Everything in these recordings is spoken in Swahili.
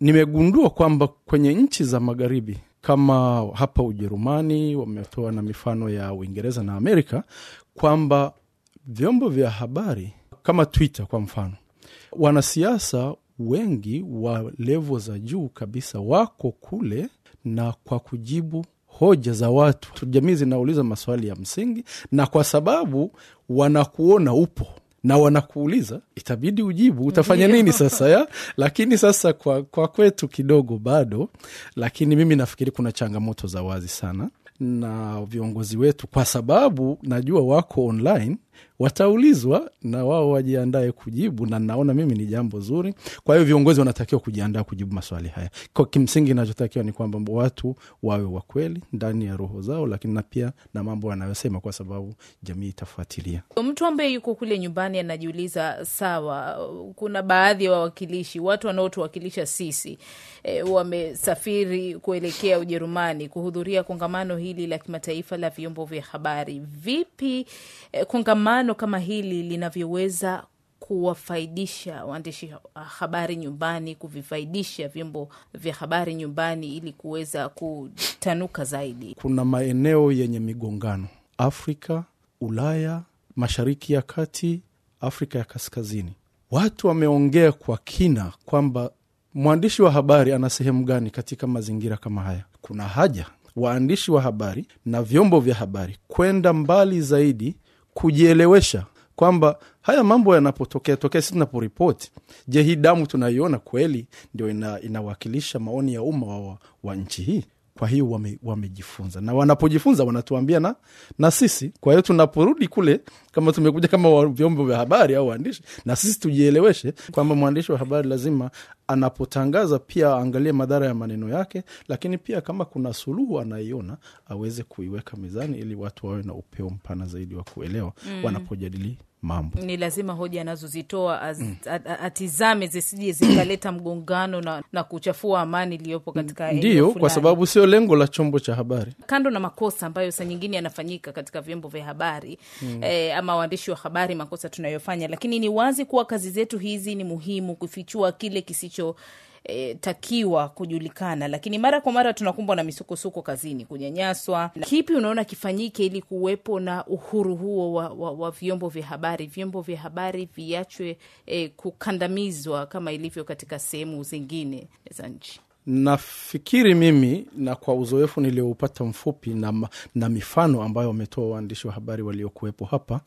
nimegundua kwamba kwenye nchi za magharibi kama hapa Ujerumani, wametoa na mifano ya Uingereza na Amerika kwamba vyombo vya habari kama Twitter kwa mfano, wanasiasa wengi wa levo za juu kabisa wako kule na kwa kujibu hoja za watu, jamii zinauliza maswali ya msingi, na kwa sababu wanakuona upo na wanakuuliza, itabidi ujibu, utafanya nini sasa ya? Lakini sasa kwa, kwa kwetu kidogo bado, lakini mimi nafikiri kuna changamoto za wazi sana na viongozi wetu, kwa sababu najua wako online wataulizwa na wao wajiandae kujibu, na naona mimi ni jambo zuri. Kwa hiyo viongozi wanatakiwa kujiandaa kujibu maswali haya. Kwa kimsingi, inachotakiwa ni kwamba watu wawe wakweli ndani ya roho zao, lakini na pia na mambo wanayosema, kwa sababu jamii itafuatilia. Mtu ambaye yuko kule nyumbani anajiuliza, sawa, kuna baadhi ya wa wawakilishi, watu wanaotuwakilisha sisi e, wamesafiri kuelekea Ujerumani kuhudhuria kongamano hili la kimataifa la vyombo vya habari. Vipi e, kongamano kongamano kama hili linavyoweza kuwafaidisha waandishi habari nyumbani, kuvifaidisha vyombo vya habari nyumbani ili kuweza kutanuka zaidi. Kuna maeneo yenye migongano Afrika, Ulaya, Mashariki ya Kati, Afrika ya Kaskazini. Watu wameongea kwa kina kwamba mwandishi wa habari ana sehemu gani katika mazingira kama haya. Kuna haja waandishi wa habari na vyombo vya habari kwenda mbali zaidi kujielewesha kwamba haya mambo yanapotokea tokea, si tunaporipoti, je, hii damu tunaiona kweli ndio ina, inawakilisha maoni ya umma wa, wa nchi hii? Kwa hiyo wame, wamejifunza na wanapojifunza wanatuambia na, na sisi. Kwa hiyo tunaporudi kule, kama tumekuja kama vyombo vya habari au waandishi, na sisi tujieleweshe kwamba mwandishi wa habari lazima anapotangaza pia aangalie madhara ya maneno yake, lakini pia kama kuna suluhu anaiona aweze kuiweka mezani ili watu wawe na upeo mpana zaidi wa kuelewa mm. wanapojadili mambo ni lazima hoja anazozitoa mm. atizame zisije zikaleta mgongano na, na kuchafua amani iliyopo katika ndio, kwa sababu sio lengo la chombo cha habari. Kando na makosa ambayo saa nyingine yanafanyika katika vyombo vya habari mm. eh, ama waandishi wa habari, makosa tunayofanya, lakini ni wazi kuwa kazi zetu hizi ni muhimu kufichua kile kisicho kinacho E, eh, takiwa kujulikana, lakini mara kwa mara tunakumbwa na misukosuko kazini, kunyanyaswa. Kipi unaona kifanyike ili kuwepo na uhuru huo wa, wa, wa vyombo vya habari? Vyombo vya habari viachwe e, kukandamizwa kama ilivyo katika sehemu zingine za nchi. Nafikiri mimi na kwa uzoefu nilioupata mfupi na, na mifano ambayo wametoa waandishi wa habari waliokuwepo hapa,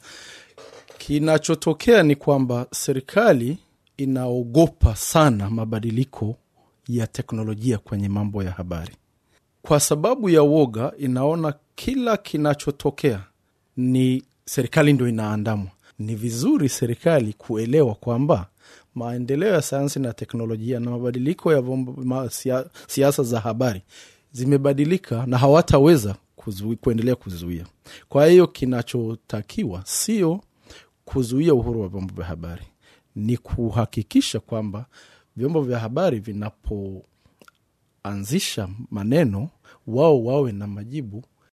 kinachotokea ni kwamba serikali inaogopa sana mabadiliko ya teknolojia kwenye mambo ya habari. Kwa sababu ya woga, inaona kila kinachotokea ni serikali ndio inaandamwa. Ni vizuri serikali kuelewa kwamba maendeleo ya sayansi na teknolojia na mabadiliko ya ma, siasa za habari zimebadilika na hawataweza kuzui, kuendelea kuzuia. Kwa hiyo kinachotakiwa sio kuzuia uhuru wa vyombo vya habari, ni kuhakikisha kwamba vyombo vya habari vinapoanzisha maneno wao wawe na majibu